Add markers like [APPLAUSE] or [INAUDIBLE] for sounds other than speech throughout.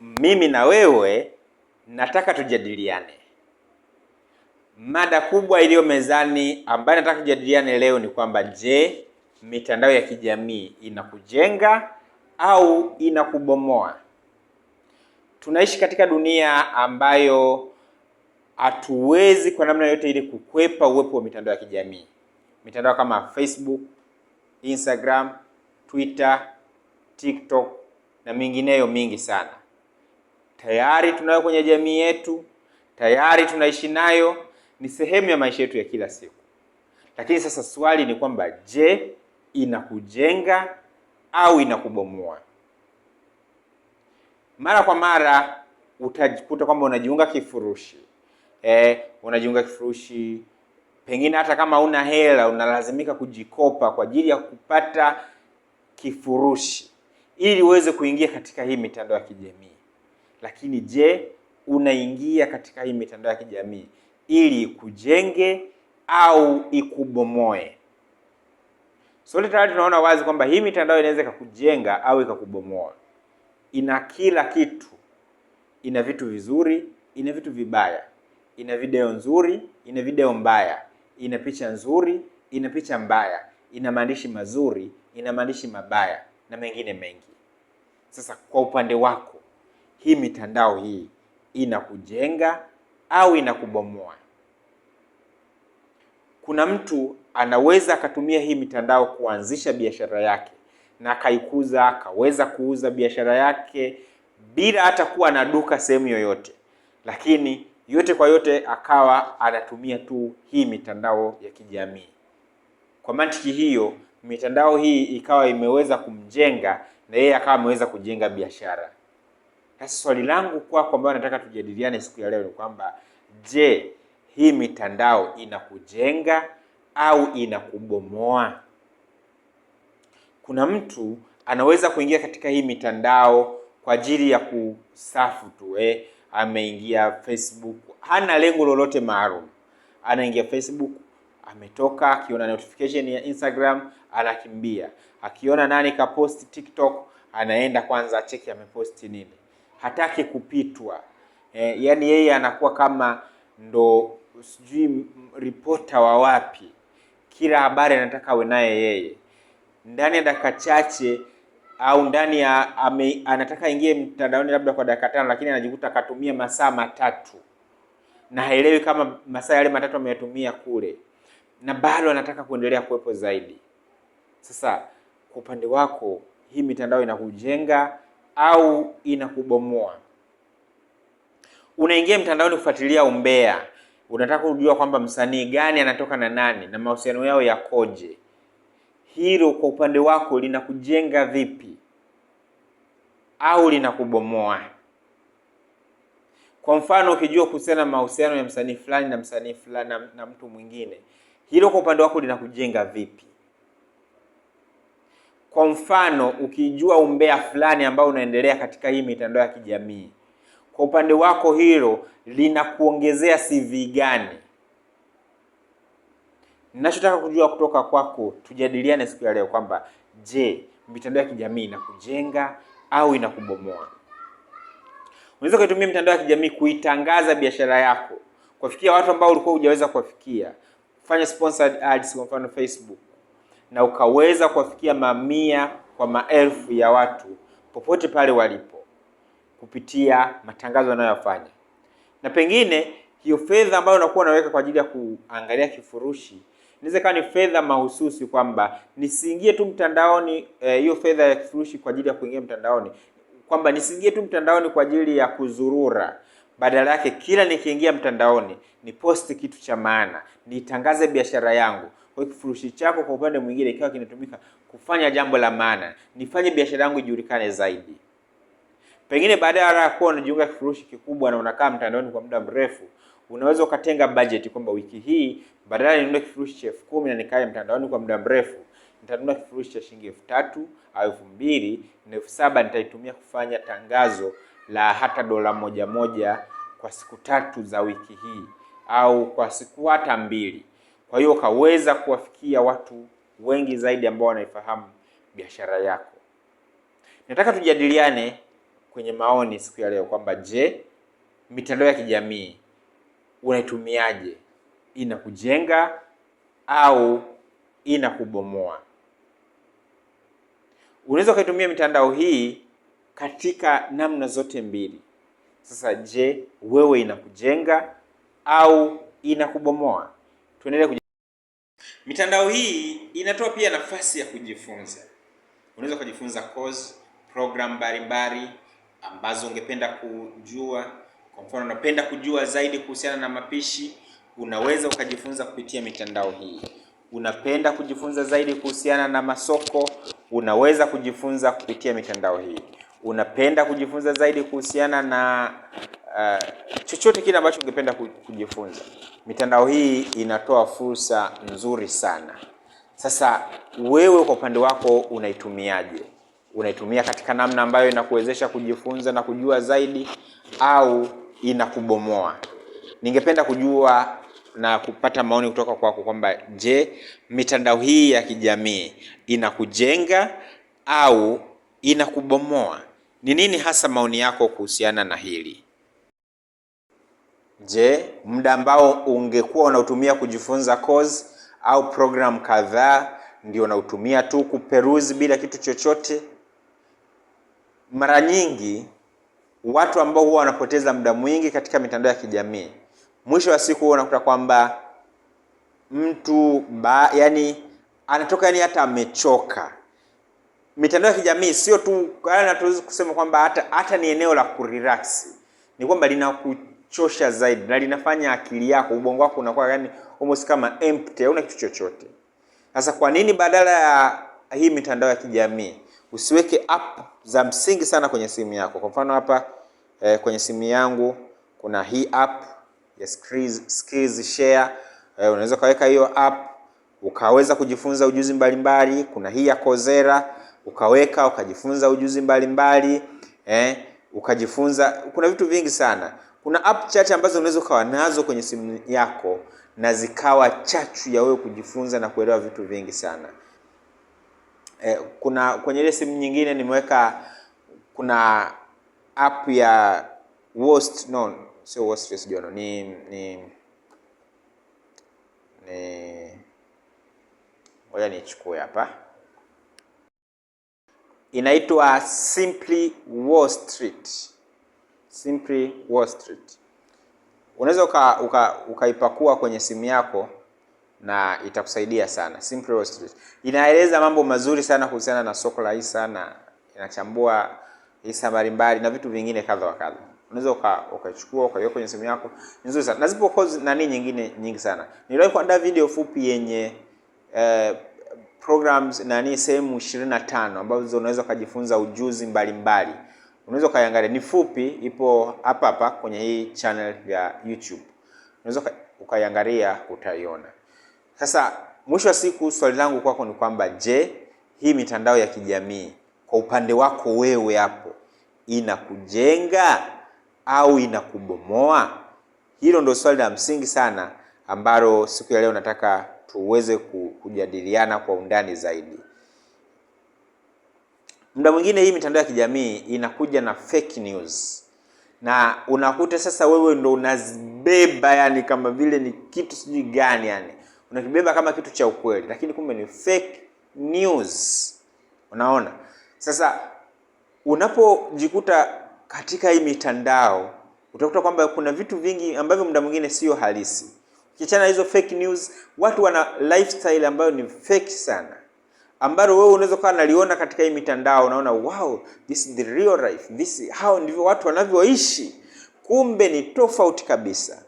mimi na wewe nataka tujadiliane. Mada kubwa iliyo mezani ambayo nataka tujadiliane leo ni kwamba, je, mitandao ya kijamii inakujenga au inakubomoa? Tunaishi katika dunia ambayo hatuwezi kwa namna yoyote ile kukwepa uwepo wa mitandao ya kijamii, mitandao kama Facebook, Instagram, Twitter, TikTok na mingineyo mingi sana tayari tunayo kwenye jamii yetu, tayari tunaishi nayo, ni sehemu ya maisha yetu ya kila siku. Lakini sasa swali ni kwamba je, inakujenga au inakubomoa? Mara kwa mara utajikuta kwamba unajiunga kifurushi eh, unajiunga kifurushi pengine hata kama una hela unalazimika kujikopa kwa ajili ya kupata kifurushi ili uweze kuingia katika hii mitandao ya kijamii lakini je, unaingia katika hii mitandao ya kijamii ili ikujenge au ikubomoe? Sote tayari tunaona wazi kwamba hii mitandao inaweza ikakujenga au ikakubomoa. Ina kila kitu, ina vitu vizuri, ina vitu vibaya, ina video nzuri, ina video mbaya, ina picha nzuri, ina picha mbaya, ina maandishi mazuri, ina maandishi mabaya na mengine mengi. Sasa kwa upande wako hii mitandao hii inakujenga au inakubomoa. Kuna mtu anaweza akatumia hii mitandao kuanzisha biashara yake na akaikuza, akaweza kuuza biashara yake bila hata kuwa na duka sehemu yoyote, lakini yote kwa yote akawa anatumia tu hii mitandao ya kijamii. Kwa mantiki hiyo, mitandao hii ikawa imeweza kumjenga na yeye akawa ameweza kujenga biashara. Sasa swali langu kwako ambayo nataka tujadiliane siku ya leo ni kwamba je, hii mitandao inakujenga au inakubomoa? Kuna mtu anaweza kuingia katika hii mitandao kwa ajili ya kusafu tu eh, ameingia Facebook, hana lengo lolote maalum, anaingia Facebook ametoka akiona notification ya Instagram anakimbia, akiona nani kaposti TikTok anaenda kwanza cheki ameposti nini hataki kupitwa eh, yani yeye anakuwa kama ndo sijui ripota wa wapi, kila habari anataka awe naye yeye. Ndani ya dakika chache au ndani ya ame, anataka ingie mtandaoni labda kwa dakika tano, lakini anajikuta akatumia masaa matatu na haelewi kama masaa yale matatu ameyatumia kule, na bado anataka kuendelea kuwepo zaidi. Sasa kwa upande wako, hii mitandao inakujenga au inakubomoa. Unaingia mtandaoni kufuatilia umbea, unataka kujua kwamba msanii gani anatoka na nani na mahusiano yao yakoje. Hilo kwa upande wako linakujenga vipi au linakubomoa? Kwa mfano, ukijua kuhusiana na mahusiano ya msanii fulani na msanii fulani na, na mtu mwingine, hilo kwa upande wako linakujenga vipi? Kwa mfano, ukijua umbea fulani ambao unaendelea katika hii mitandao ya kijamii, kwa upande wako hilo linakuongezea CV gani? Ninachotaka kujua kutoka kwako, tujadiliane siku ya leo kwamba je, mitandao ya kijamii inakujenga au inakubomoa? Unaweza kutumia mitandao ya kijamii kuitangaza biashara yako, kufikia watu ambao ulikuwa hujaweza kuwafikia. Fanya sponsored ads, kwa mfano Facebook na ukaweza kuwafikia mamia kwa maelfu ya watu popote pale walipo kupitia matangazo yanayofanya, na pengine hiyo fedha ambayo unakuwa unaweka kwa ajili ya kuangalia kifurushi inaweza ikawa ni fedha mahususi, kwamba nisiingie tu mtandaoni eh, hiyo e, fedha ya kifurushi kwa ajili ya kuingia mtandaoni, kwamba nisiingie tu mtandaoni kwa ajili ya kuzurura badala yake kila nikiingia mtandaoni ni posti kitu cha maana, niitangaze biashara yangu, kwa kifurushi chako kwa upande mwingine ikawa kinatumika kufanya jambo la maana, nifanye biashara yangu ijulikane zaidi. Pengine baada ya kuwa unajiunga kifurushi kikubwa na unakaa mtandaoni kwa muda mrefu, unaweza ukatenga budget kwamba wiki hii badala ya ninunue kifurushi cha elfu kumi na nikae mtandaoni kwa muda mrefu nitanunua kifurushi cha shilingi elfu tatu au elfu mbili na elfu saba nitaitumia kufanya tangazo la hata dola moja moja kwa siku tatu za wiki hii au kwa siku hata mbili. Kwa hiyo kaweza kuwafikia watu wengi zaidi ambao wanaifahamu biashara yako. Nataka tujadiliane kwenye maoni siku ya leo kwamba je, mitandao ya kijamii unaitumiaje? Inakujenga au inakubomoa? Unaweza ukaitumia mitandao hii katika namna zote mbili. Sasa je, wewe inakujenga au inakubomoa? Tuendelee Mitandao hii inatoa pia nafasi ya kujifunza. Unaweza kujifunza course, program mbalimbali ambazo ungependa kujua. Kwa mfano, unapenda kujua zaidi kuhusiana na mapishi, unaweza ukajifunza kupitia mitandao hii. Unapenda kujifunza zaidi kuhusiana na masoko, unaweza kujifunza kupitia mitandao hii unapenda kujifunza zaidi kuhusiana na uh, chochote kile ambacho ungependa kujifunza, mitandao hii inatoa fursa nzuri sana. Sasa wewe kwa upande wako unaitumiaje? Unaitumia katika namna ambayo inakuwezesha kujifunza na kujua zaidi au inakubomoa? Ningependa kujua na kupata maoni kutoka kwako kwamba je, mitandao hii ya kijamii inakujenga au inakubomoa? Ni nini hasa maoni yako kuhusiana na hili? Je, muda ambao ungekuwa unautumia kujifunza course au program kadhaa ndio unautumia tu kuperuzi bila kitu chochote? Mara nyingi watu ambao huwa wanapoteza muda mwingi katika mitandao ya kijamii, mwisho wa siku huwa unakuta kwamba mtu ba, yani anatoka yani hata amechoka mitandao ya kijamii sio tu na tuwezi kusema kwamba hata hata ni eneo la kurelax, ni kwamba linakuchosha zaidi na linafanya akili yako, ubongo wako unakuwa yani almost kama empty, hauna kitu chochote. Sasa kwa nini badala ya hii mitandao ya kijamii usiweke app za msingi sana kwenye simu yako? Kwa mfano hapa eh, kwenye simu yangu kuna hii app ya Skills, Skills Share eh, unaweza ukaweka hiyo app ukaweza kujifunza ujuzi mbalimbali mbali. Kuna hii ya Coursera ukaweka ukajifunza ujuzi mbalimbali eh, ukajifunza. Kuna vitu vingi sana, kuna app chache ambazo unaweza ukawa nazo kwenye simu yako na zikawa chachu ya wewe kujifunza na kuelewa vitu vingi sana. Eh, kuna kwenye ile simu nyingine nimeweka kuna app ya worst no, sio worst face jono ni ni ni ngoja nichukue hapa inaitwa Simply Wall Street. Simply Wall Street unaweza uka, uka, ukaipakua kwenye simu yako na itakusaidia sana. Simply Wall Street inaeleza mambo mazuri sana kuhusiana na soko la hisa na inachambua hisa mbalimbali na vitu vingine kadha wa kadha. Unaweza ukaichukua ukaiweka kwenye simu yako, nzuri sana na zipo course nani nyingine nyingi sana. Niliwahi kuandaa video fupi yenye eh, programs nani sehemu 25 ambazo unaweza ukajifunza ujuzi mbalimbali. Unaweza ukaiangalia, ni fupi, ipo hapa hapa kwenye hii channel ya YouTube, unaweza ukaiangalia, utaiona. Sasa mwisho wa siku, swali langu kwako ni kwamba, je, hii mitandao ya kijamii kwa upande wako wewe hapo inakujenga au inakubomoa? Hilo ndio swali la msingi sana ambalo siku ya leo nataka tuweze kujadiliana kwa undani zaidi. Muda mwingine hii mitandao ya kijamii inakuja na fake news na unakuta sasa wewe ndo unazibeba, yani kama vile ni kitu sijui gani, yani unakibeba kama kitu cha ukweli, lakini kumbe ni fake news. Unaona, sasa unapojikuta katika hii mitandao utakuta kwamba kuna vitu vingi ambavyo muda mwingine sio halisi. Kichana hizo fake news, watu wana lifestyle ambayo ni fake sana, ambalo wewe unaweza kuwa naliona katika hii mitandao, unaona wow, this is the real life, this hao ndivyo watu wanavyoishi, kumbe ni tofauti kabisa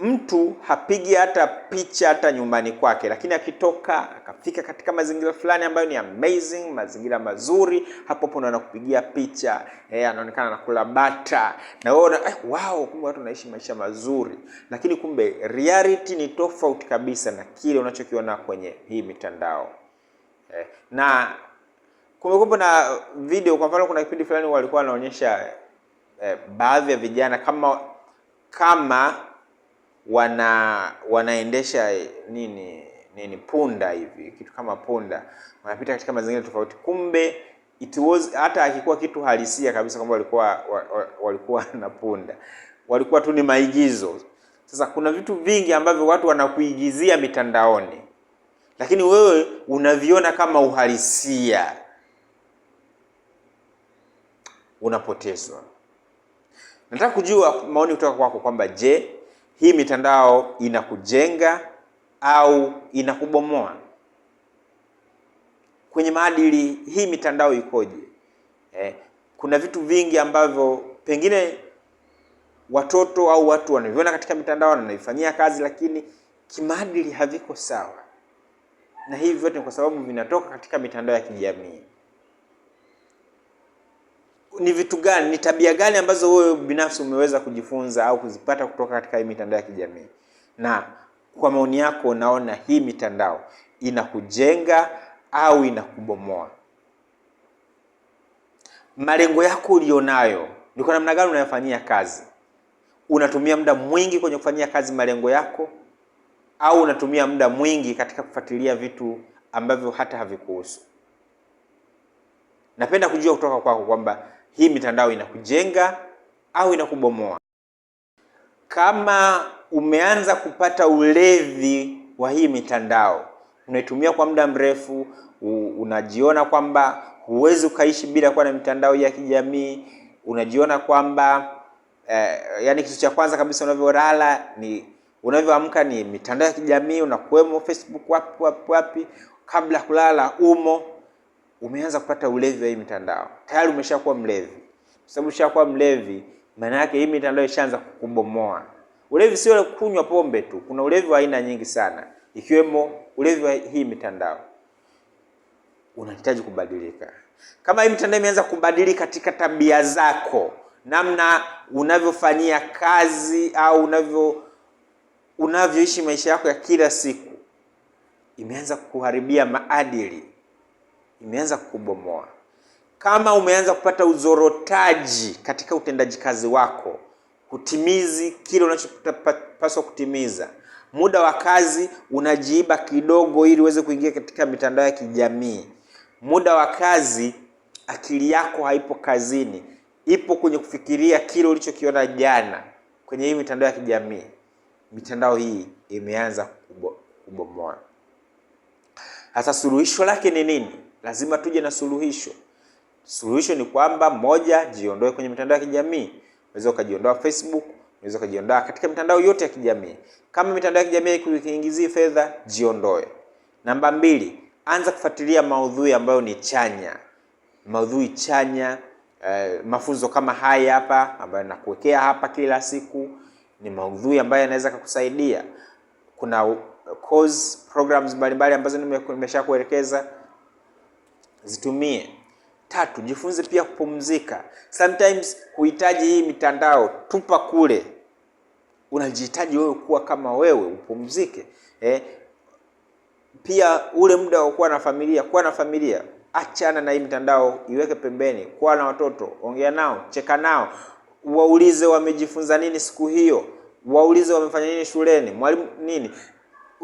mtu hapigi hata picha hata nyumbani kwake, lakini akitoka akafika katika mazingira fulani ambayo ni amazing, mazingira mazuri, hapo hapo ndo anakupigia picha eh, anaonekana anakula bata na wewe eh, wow, kumbe watu wanaishi maisha mazuri. Lakini kumbe reality ni tofauti kabisa na kile unachokiona kwenye hii mitandao eh, na kumekuwa na video. Kwa mfano, kuna kipindi fulani walikuwa wanaonyesha eh, baadhi ya vijana kama kama wana wanaendesha nini nini punda hivi, kitu kama punda, wanapita katika mazingira tofauti. Kumbe it was hata akikuwa kitu halisia kabisa kwamba walikuwa walikuwa [LAUGHS] na punda, walikuwa tu ni maigizo. Sasa kuna vitu vingi ambavyo watu wanakuigizia mitandaoni, lakini wewe unaviona kama uhalisia, unapotezwa. Nataka kujua maoni kutoka kwako kwamba je, hii mitandao inakujenga au inakubomoa? Kwenye maadili hii mitandao ikoje? Eh, kuna vitu vingi ambavyo pengine watoto au watu wanaviona katika mitandao na wanaifanyia kazi, lakini kimaadili haviko sawa, na hivi vyote ni kwa sababu vinatoka katika mitandao ya kijamii ni vitu gani, ni tabia gani ambazo wewe binafsi umeweza kujifunza au kuzipata kutoka katika hii mitandao ya kijamii? Na kwa maoni yako, unaona hii mitandao inakujenga au inakubomoa? Malengo yako ulionayo ni kwa namna gani unayofanyia kazi? Unatumia muda mwingi kwenye kufanyia kazi malengo yako, au unatumia muda mwingi katika kufuatilia vitu ambavyo hata havikuhusu? Napenda kujua kutoka kwako kwamba hii mitandao inakujenga au inakubomoa. Kama umeanza kupata ulevi wa hii mitandao, unaitumia kwa muda mrefu, unajiona kwamba huwezi ukaishi bila kuwa na mitandao ya kijamii, unajiona kwamba eh, yani kitu cha kwanza kabisa unavyolala ni unavyoamka ni mitandao ya kijamii unakuwemo Facebook, wapi wapi wapi, kabla kulala umo umeanza kupata ulevi wa hii mitandao, tayari umeshakuwa mlevi. Kwa Sababu ushakuwa mlevi, maana yake hii mitandao ishaanza kukubomoa. Ulevi sio kunywa pombe tu, kuna ulevi wa aina nyingi sana, ikiwemo ulevi wa hii mitandao. Unahitaji kubadilika. Kama hii mitandao imeanza kubadilika katika tabia zako, namna unavyofanyia kazi au unavyo unavyoishi maisha yako ya kila siku, imeanza kuharibia maadili imeanza kubomoa. Kama umeanza kupata uzorotaji katika utendaji kazi wako, hutimizi kile unachopaswa kutimiza, muda wa kazi unajiiba kidogo ili uweze kuingia katika mitandao ya kijamii, muda wa kazi akili yako haipo kazini, ipo kwenye kufikiria kile ulichokiona jana kwenye hii mitandao ya kijamii. Mitandao hii imeanza kubomoa. Sasa suluhisho lake ni nini? lazima tuje na suluhisho. Suluhisho ni kwamba moja, jiondoe kwenye mitandao ya kijamii. Unaweza ukajiondoa Facebook, unaweza ukajiondoa katika mitandao yote ya kijamii. Kama mitandao ya kijamii kuingizii fedha, jiondoe. Namba mbili, anza kufuatilia maudhui ambayo ni chanya, maudhui chanya. Eh, mafunzo kama haya hapa ambayo nakuwekea hapa kila siku ni maudhui ambayo yanaweza kukusaidia. Kuna course programs mbalimbali ambazo nimeshakuelekeza zitumie. Tatu, jifunze pia kupumzika. Sometimes huhitaji hii mitandao, tupa kule. Unajihitaji wewe kuwa kama wewe, upumzike eh. Pia ule muda wa kuwa na familia, kuwa na familia, achana na hii mitandao, iweke pembeni. Kuwa na watoto, ongea nao, cheka nao, waulize wamejifunza nini siku hiyo, waulize wamefanya nini shuleni, mwalimu nini.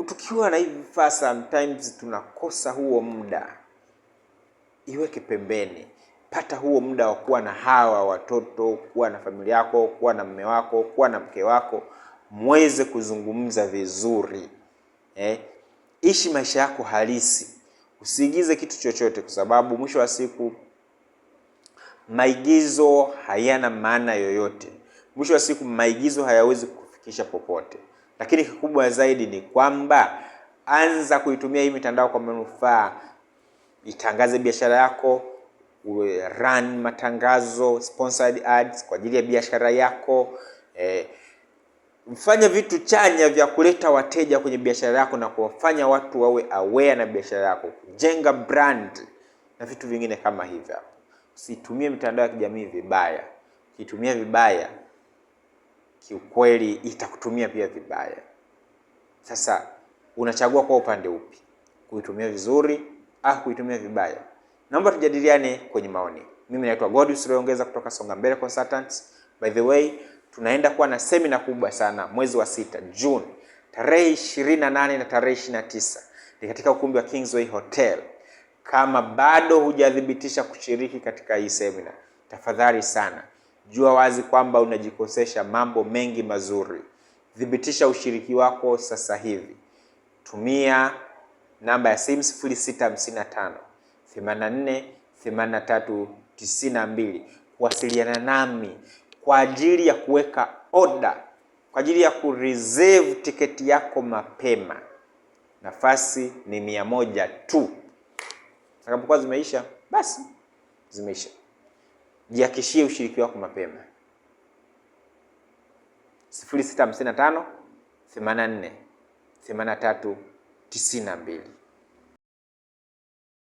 Tukiwa na hivi vifaa, sometimes tunakosa huo muda iweke pembeni. Pata huo muda wa kuwa na hawa watoto, kuwa na familia yako, kuwa na mme wako, kuwa na mke wako, muweze kuzungumza vizuri eh. Ishi maisha yako halisi, usiigize kitu chochote, kwa sababu mwisho wa siku maigizo hayana maana yoyote. Mwisho wa siku maigizo hayawezi kufikisha popote, lakini kikubwa zaidi ni kwamba anza kuitumia hii mitandao kwa manufaa itangaze biashara yako, run matangazo, sponsored ads kwa ajili ya biashara yako eh, mfanya vitu chanya vya kuleta wateja kwenye biashara yako na kuwafanya watu wawe aware na biashara yako, kujenga brand na vitu vingine kama hivyo. Usitumie mitandao ya kijamii vibaya. Ukitumia vibaya, kiukweli itakutumia pia vibaya. Sasa unachagua kwa upande upi, kuitumia vizuri au kuitumia vibaya? Naomba tujadiliane kwenye maoni. Mimi naitwa Godwill Rweyongeza kutoka Songa Mbele Consultants. By the way, tunaenda kuwa na semina kubwa sana mwezi wa sita June tarehe 28 na tarehe 29 ni katika ukumbi wa Kingsway Hotel. Kama bado hujathibitisha kushiriki katika hii semina, tafadhali sana, jua wazi kwamba unajikosesha mambo mengi mazuri. Thibitisha ushiriki wako sasa hivi, tumia namba ya simu 0655 84 83 92 kuwasiliana nami kwa ajili ya kuweka oda, kwa ajili ya kureserve tiketi yako mapema. Nafasi ni mia moja tu. Zitakapokuwa zimeisha, basi zimeisha. Jiakishie ushiriki wako mapema. 0655 84 83 mbili